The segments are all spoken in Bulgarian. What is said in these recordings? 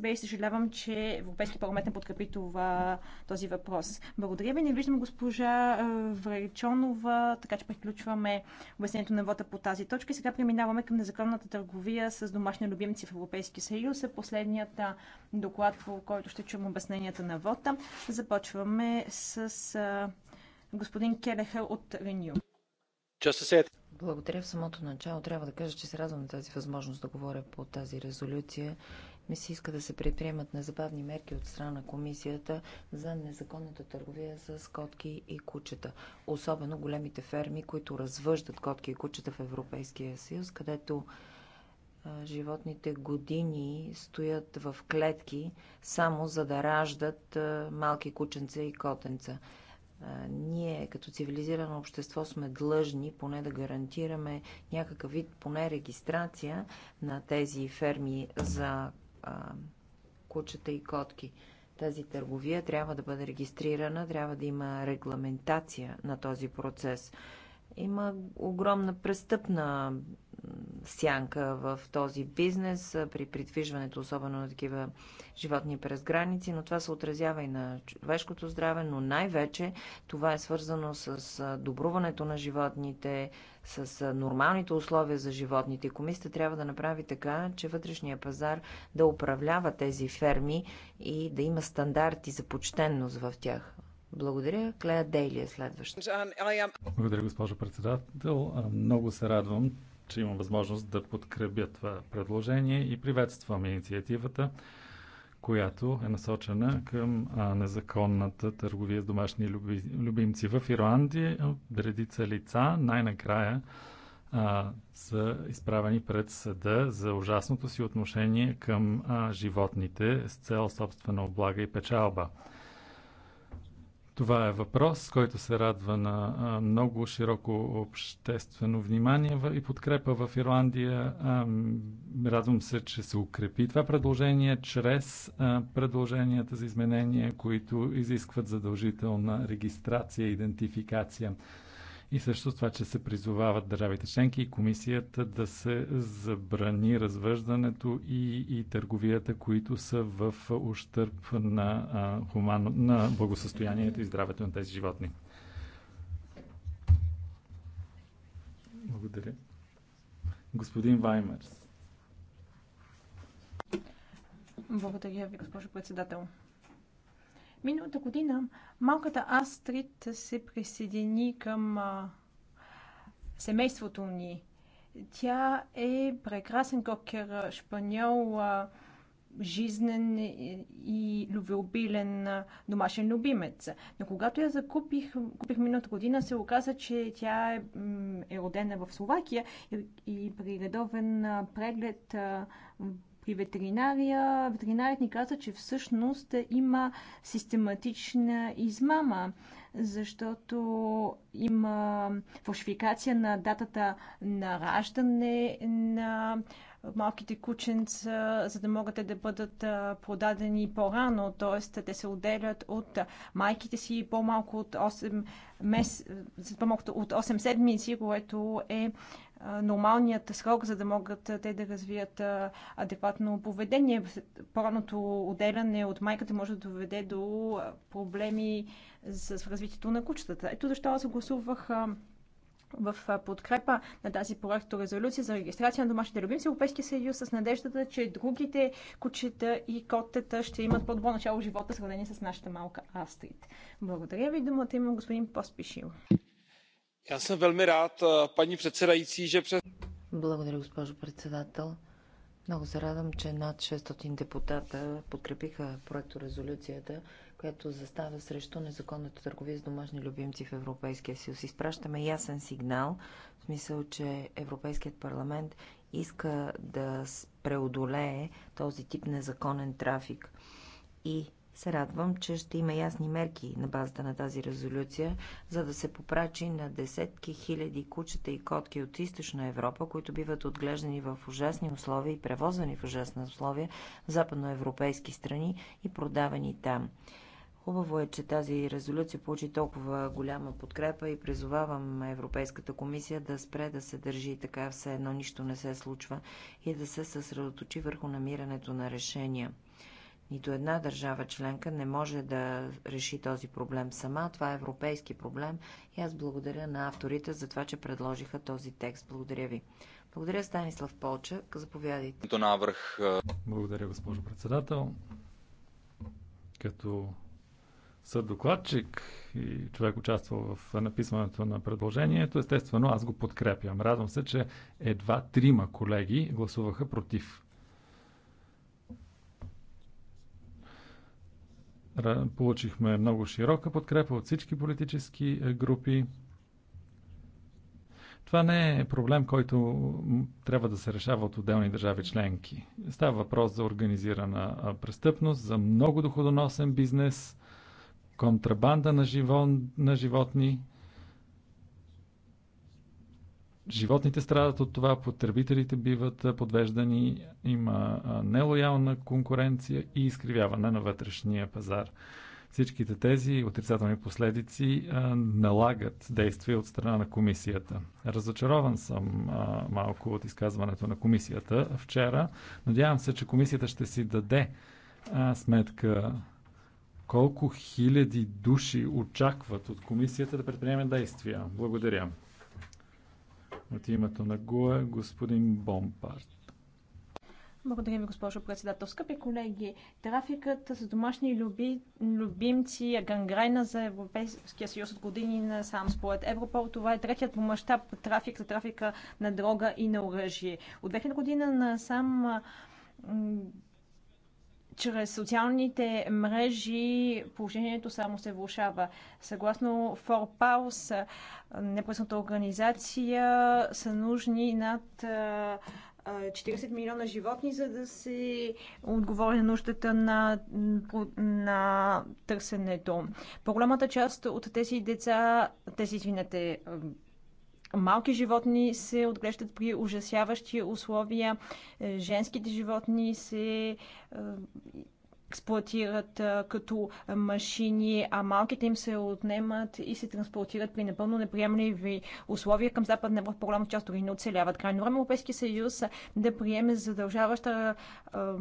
Бе и съжалявам, че Европейски парламент не подкрепи това, този въпрос. Благодаря ви. Не виждам госпожа Вречонова, така че приключваме обяснението на вода по тази точка. Сега преминаваме към незаконната търговия с домашни любимци в Европейския съюз. последният доклад, по който ще чуем обясненията на вода. Започваме с господин Келехел от Реню. Благодаря в самото начало. Трябва да кажа, че се радвам на тази възможност да говоря по тази резолюция, ми се иска да се предприемат незабавни мерки от страна на комисията за незаконната търговия с котки и кучета. Особено големите ферми, които развъждат котки и кучета в Европейския съюз, където животните години стоят в клетки, само за да раждат малки кученца и котенца. Ние като цивилизирано общество сме длъжни поне да гарантираме някакъв вид, поне регистрация на тези ферми за а, кучета и котки. Тази търговия трябва да бъде регистрирана, трябва да има регламентация на този процес. Има огромна престъпна сянка в този бизнес, при придвижването, особено на такива животни през граници, но това се отразява и на човешкото здраве, но най-вече това е свързано с добруването на животните, с нормалните условия за животните. комисията трябва да направи така, че вътрешния пазар да управлява тези ферми и да има стандарти за почтенност в тях. Благодаря. Клея Дейли е следваща. Благодаря, госпожо председател. Много се радвам, че имам възможност да подкрепя това предложение и приветствам инициативата, която е насочена към незаконната търговия с домашни любимци. В Ирландия редица лица най-накрая а, са изправени пред съда за ужасното си отношение към а, животните с цел собствена облага и печалба. Това е въпрос, който се радва на много широко обществено внимание и подкрепа в Ирландия. Радвам се, че се укрепи това предложение чрез предложенията за изменения, които изискват задължителна регистрация и идентификация и също с това, че се призовават държавите членки и комисията да се забрани развъждането и, и търговията, които са в ущърп на, а, на благосъстоянието и здравето на тези животни. Благодаря. Господин Ваймерс. Благодаря ви, госпожо председател. Миналата година малката Астрид се присъедини към семейството ни. Тя е прекрасен кокер, шпаньол, жизнен и любвеобилен домашен любимец. Но когато я закупих, купих миналата година, се оказа, че тя е, е родена в Словакия и, и при редовен преглед при ветеринария, Ветеринарият ни каза, че всъщност има систематична измама, защото има фалшификация на датата на раждане на малките кученца, за да могат да бъдат продадени по-рано, т.е. те се отделят от майките си по-малко от 8 мес... по-малко от 8 седмици, което е нормалният срок, за да могат те да развият адекватно поведение. Пораното отделяне от майката може да доведе до проблеми с развитието на кучетата. Ето защо аз гласувах в подкрепа на тази резолюция за регистрация на домашните любимци в Европейския съюз с надеждата, че другите кучета и котета ще имат по-добро начало в живота, сравнение с нашата малка Астрид. Благодаря ви. Думата има господин Поспишил. Já jsem velmi rád, eh, paní předsedající, že přes... Благодаря, госпожо председател. Много се радвам, че над 600 депутата подкрепиха проекто резолюцията, която застава срещу незаконната търговия с домашни любимци в Европейския съюз. Изпращаме ясен сигнал, в смисъл, че Европейският парламент иска да преодолее този тип незаконен трафик и се радвам, че ще има ясни мерки на базата на тази резолюция, за да се попрачи на десетки хиляди кучета и котки от източна Европа, които биват отглеждани в ужасни условия и превозвани в ужасни условия в западноевропейски страни и продавани там. Хубаво е, че тази резолюция получи толкова голяма подкрепа и призовавам Европейската комисия да спре да се държи така все едно нищо не се случва и да се съсредоточи върху намирането на решения. Нито една държава членка не може да реши този проблем сама. Това е европейски проблем и аз благодаря на авторите за това, че предложиха този текст. Благодаря ви. Благодаря, Станислав Полчак. Заповядайте. Благодаря, госпожо председател. Като съдокладчик и човек участвал в написването на предложението, естествено аз го подкрепям. Радвам се, че едва трима колеги гласуваха против Получихме много широка подкрепа от всички политически е, групи. Това не е проблем, който трябва да се решава от отделни държави членки. Става въпрос за организирана престъпност, за много доходоносен бизнес, контрабанда на, на животни – животните страдат от това, потребителите биват подвеждани, има нелоялна конкуренция и изкривяване на вътрешния пазар. Всичките тези отрицателни последици налагат действия от страна на комисията. Разочарован съм малко от изказването на комисията вчера. Надявам се, че комисията ще си даде сметка колко хиляди души очакват от комисията да предприеме действия. Благодаря. От името на ГУА, господин Бомпарт. Благодаря ви, госпожо председател. Скъпи колеги, трафикът с домашни люби, любимци е гангрейна ганграйна за Европейския съюз от години на сам. Според Европол това е третият по мащаб трафик за трафика на дрога и на оръжие. От 2000 година на сам чрез социалните мрежи положението само се влушава. Съгласно Форпаус, непресната организация са нужни над 40 милиона животни, за да се отговори на нуждата на, на търсенето. По-голямата част от тези деца, тези, извинете, Малки животни се отглеждат при ужасяващи условия, е, женските животни се е, експлуатират като машини, а малките им се отнемат и се транспортират при напълно неприемливи условия към Западна Европа, по-голяма част дори не оцеляват. Крайно време Европейския съюз да приеме задължаваща а,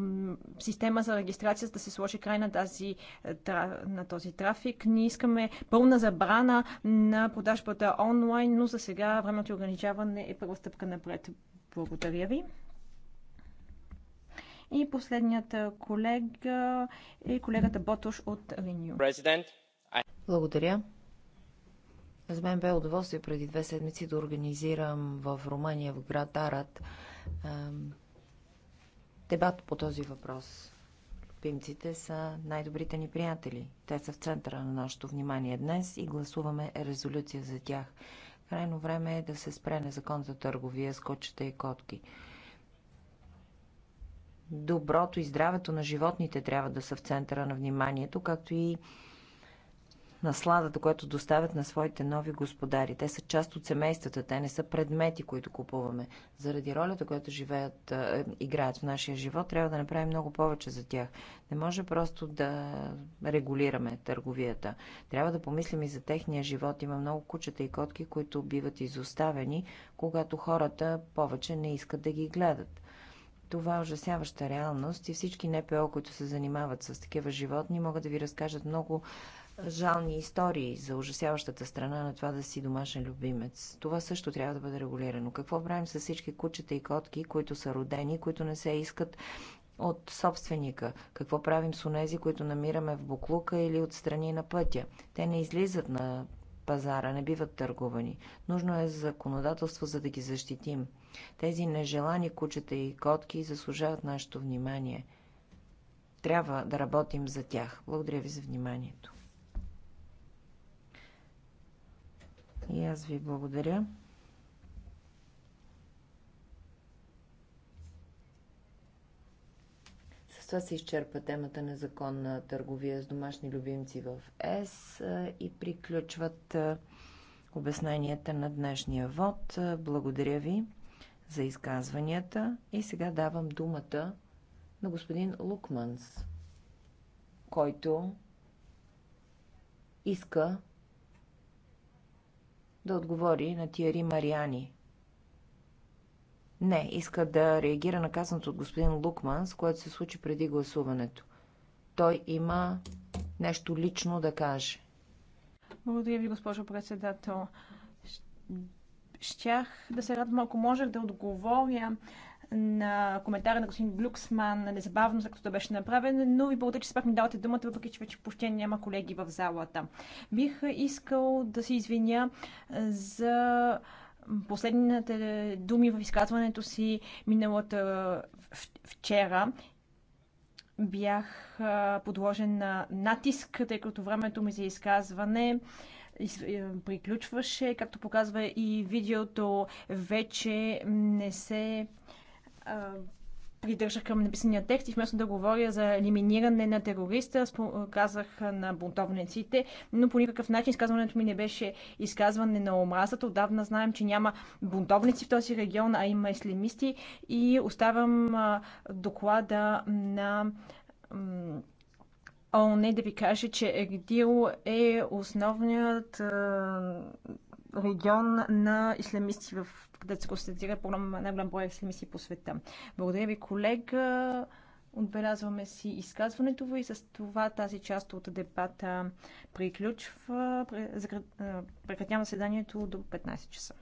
система за регистрация, за да се сложи край на, тази, е, на този трафик. Ние искаме пълна забрана на продажбата онлайн, но за сега времето ограничаване е първа стъпка напред. Благодаря ви. И последният колега е колегата Ботош от Реню. Благодаря. За мен бе удоволствие преди две седмици да организирам в Румъния, в град Арат, дебат по този въпрос. Пимците са най-добрите ни приятели. Те са в центъра на нашето внимание днес и гласуваме резолюция за тях. Крайно време е да се спре незаконната търговия с кочета и котки доброто и здравето на животните трябва да са в центъра на вниманието, както и насладата, което доставят на своите нови господари. Те са част от семействата, те не са предмети, които купуваме. Заради ролята, която живеят, играят в нашия живот, трябва да направим много повече за тях. Не може просто да регулираме търговията. Трябва да помислим и за техния живот. Има много кучета и котки, които биват изоставени, когато хората повече не искат да ги гледат. Това е ужасяваща реалност и всички НПО, които се занимават с такива животни, могат да ви разкажат много жални истории за ужасяващата страна на това да си домашен любимец. Това също трябва да бъде регулирано. Какво правим с всички кучета и котки, които са родени, които не се искат от собственика? Какво правим с онези, които намираме в буклука или отстрани на пътя? Те не излизат на пазара, не биват търгувани. Нужно е законодателство, за да ги защитим. Тези нежелани кучета и котки заслужават нашето внимание. Трябва да работим за тях. Благодаря ви за вниманието. И аз ви благодаря. С това се изчерпва темата на на търговия с домашни любимци в ЕС и приключват обясненията на днешния вод. Благодаря ви за изказванията и сега давам думата на господин Лукманс, който иска да отговори на Тиери Мариани. Не, иска да реагира на казаното от господин Лукман, с което се случи преди гласуването. Той има нещо лично да каже. Благодаря ви, госпожо председател. Щях да се радвам, ако можех да отговоря на коментара на господин Глюксман незабавно, след като да беше направен, но ви благодаря, че пак ми давате думата, въпреки че вече почти няма колеги в залата. Бих искал да се извиня за последните думи в изказването си миналата вчера бях подложен на натиск, тъй като времето ми за изказване е, приключваше. Както показва и видеото, вече не се придържах към написания текст и вместо да говоря за елиминиране на терориста, казах на бунтовниците, но по никакъв начин изказването ми не беше изказване на омразата. Отдавна знаем, че няма бунтовници в този регион, а има ислемисти и оставам доклада на ООН да ви каже, че ЕГДИЛ е основният регион на ислямисти, в където се констатира по-голям най-голям брой ислямисти по света. Благодаря ви, колега. Отбелязваме си изказването ви и с това тази част от дебата приключва. Прекратявам заседанието до 15 часа.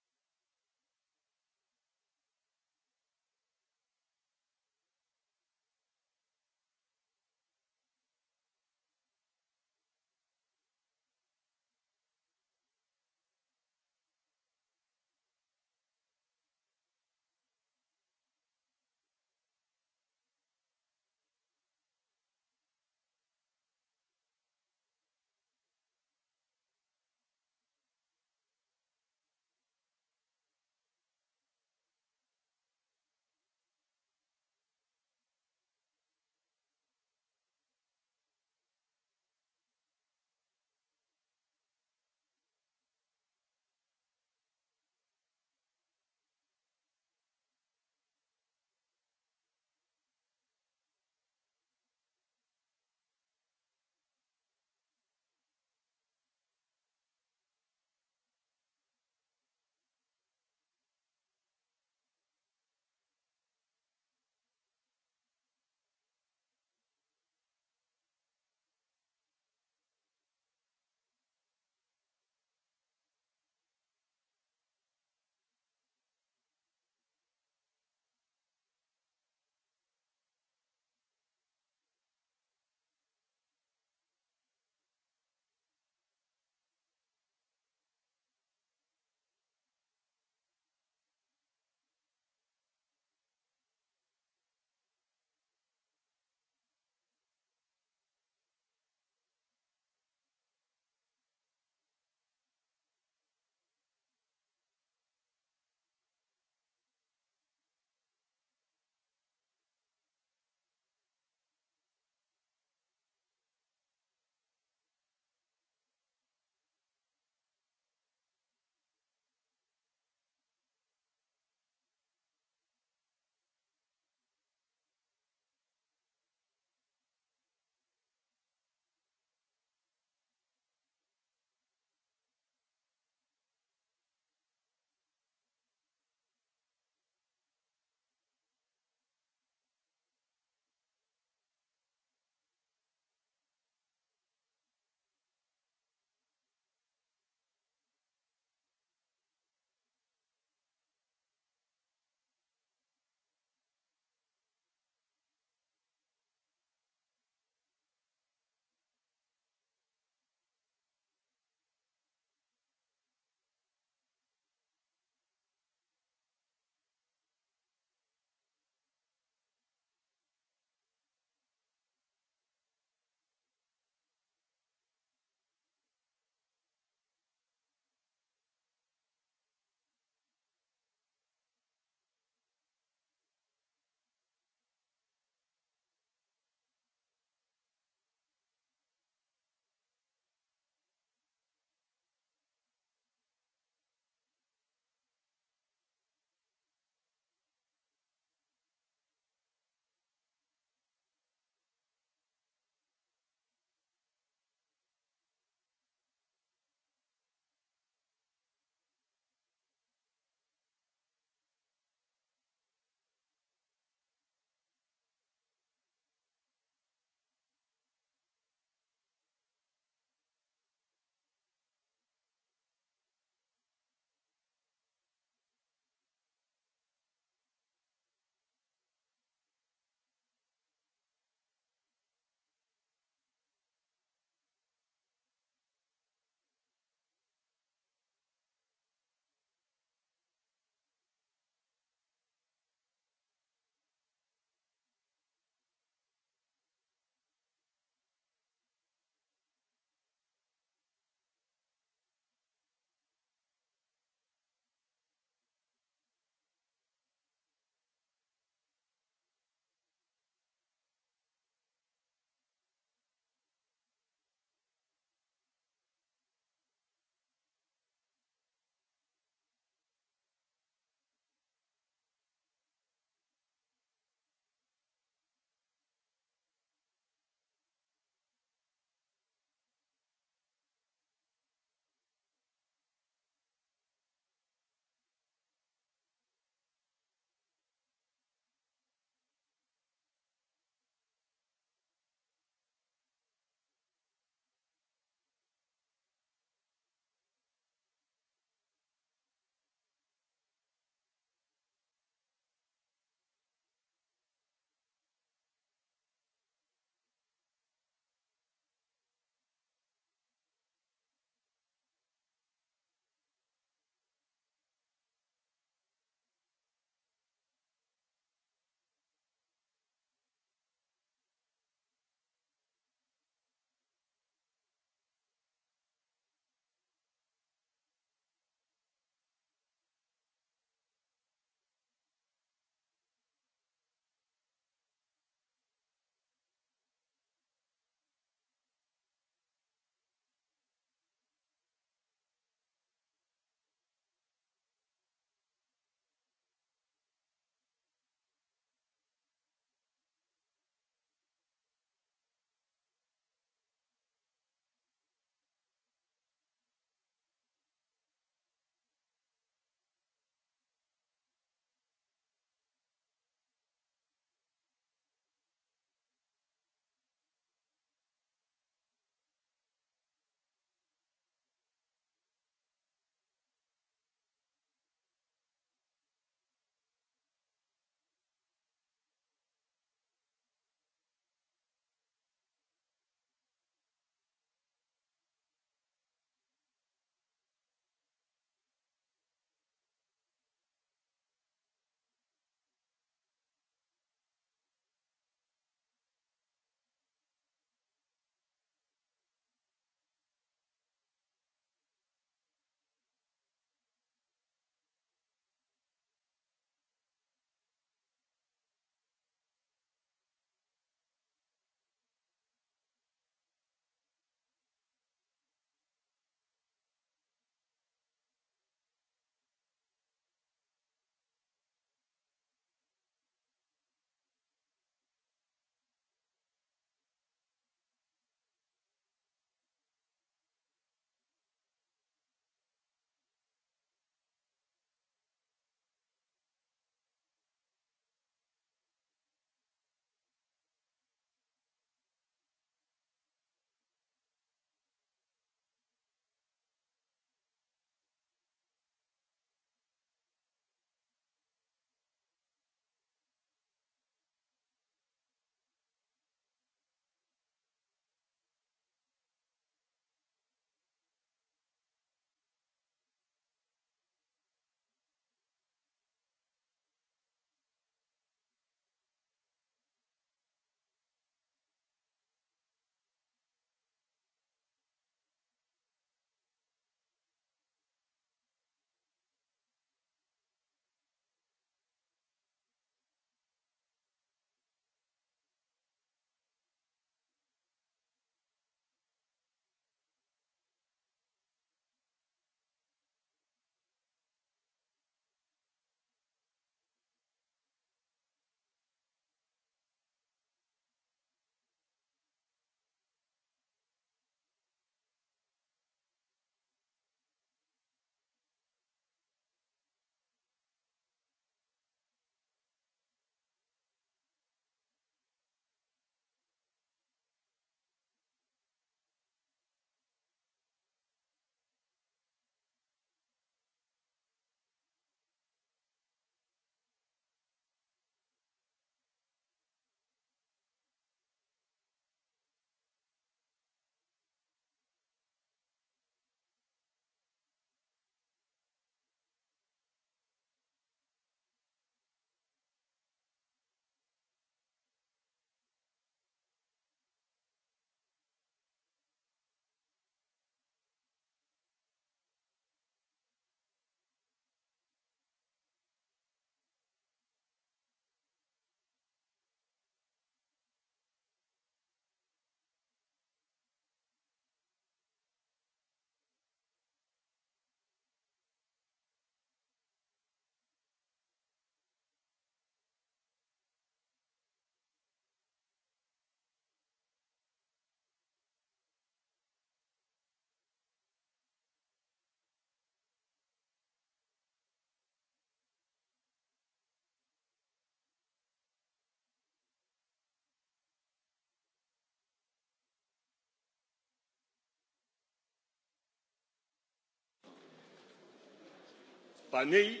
pa nej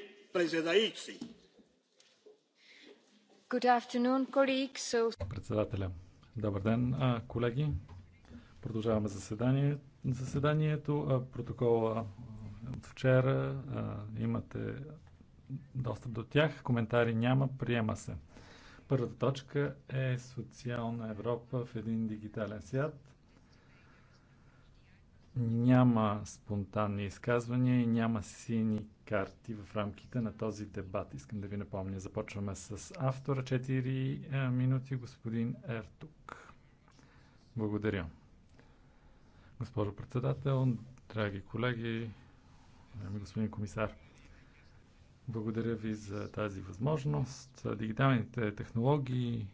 Председателя. Добър ден, колеги. Продължаваме заседание. заседанието. Протокола от вчера. Имате достъп до тях. Коментари няма. Приема се. Първата точка е социална Европа в един дигитален свят. Няма спонтанни изказвания и няма сини карти в рамките на този дебат. Искам да ви напомня. Започваме с автора. 4 е, минути, господин Ертук. Благодаря. Госпожо председател, драги колеги, господин комисар, благодаря ви за тази възможност. Дигиталните технологии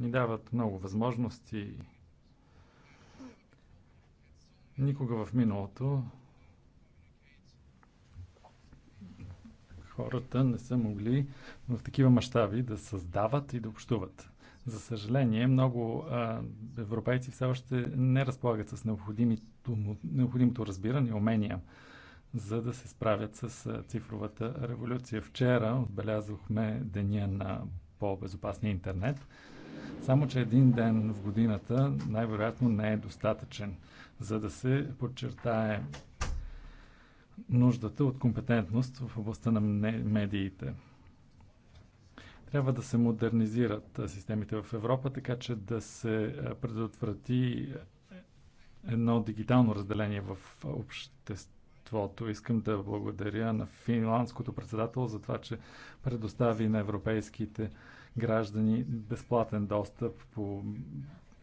ни дават много възможности. Никога в миналото хората не са могли в такива мащаби да създават и да общуват. За съжаление, много а, европейци все още не разполагат с необходимото, необходимото разбиране и умения, за да се справят с цифровата революция. Вчера отбелязахме Деня на по-безопасния интернет. Само, че един ден в годината най-вероятно не е достатъчен, за да се подчертае нуждата от компетентност в областта на медиите. Трябва да се модернизират системите в Европа, така че да се предотврати едно дигитално разделение в обществото. Искам да благодаря на финландското председател за това, че предостави на европейските граждани безплатен достъп по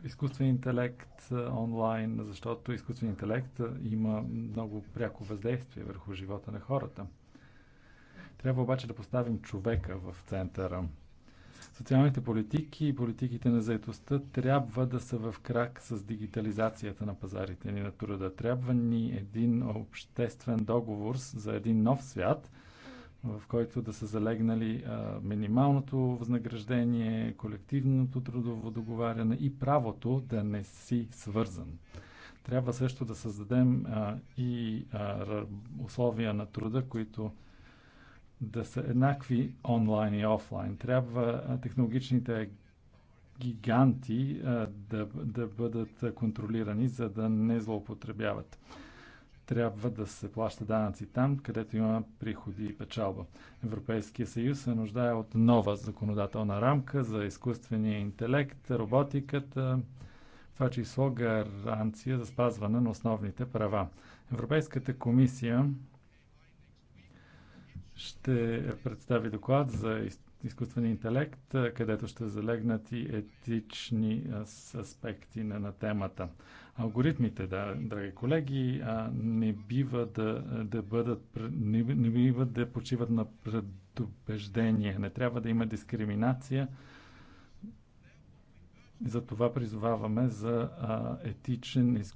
изкуствен интелект онлайн, защото изкуствен интелект има много пряко въздействие върху живота на хората. Трябва обаче да поставим човека в центъра. Социалните политики и политиките на заетостта трябва да са в крак с дигитализацията на пазарите ни на труда. Трябва ни един обществен договор за един нов свят – в който да са залегнали а, минималното възнаграждение, колективното трудово договаряне и правото да не си свързан. Трябва също да създадем а, и а, условия на труда, които да са еднакви онлайн и офлайн. Трябва технологичните гиганти а, да, да бъдат контролирани, за да не злоупотребяват трябва да се плаща данъци там, където има приходи и печалба. Европейския съюз се нуждае от нова законодателна рамка за изкуствения интелект, роботиката, това число гаранция за спазване на основните права. Европейската комисия ще представи доклад за изкуствения интелект, където ще залегнат и етични аспекти на, на темата. Алгоритмите, да, драги колеги, не бива да, да бъдат, не, не бива да почиват на предубеждение. Не трябва да има дискриминация. Затова призоваваме за етичен изкуствен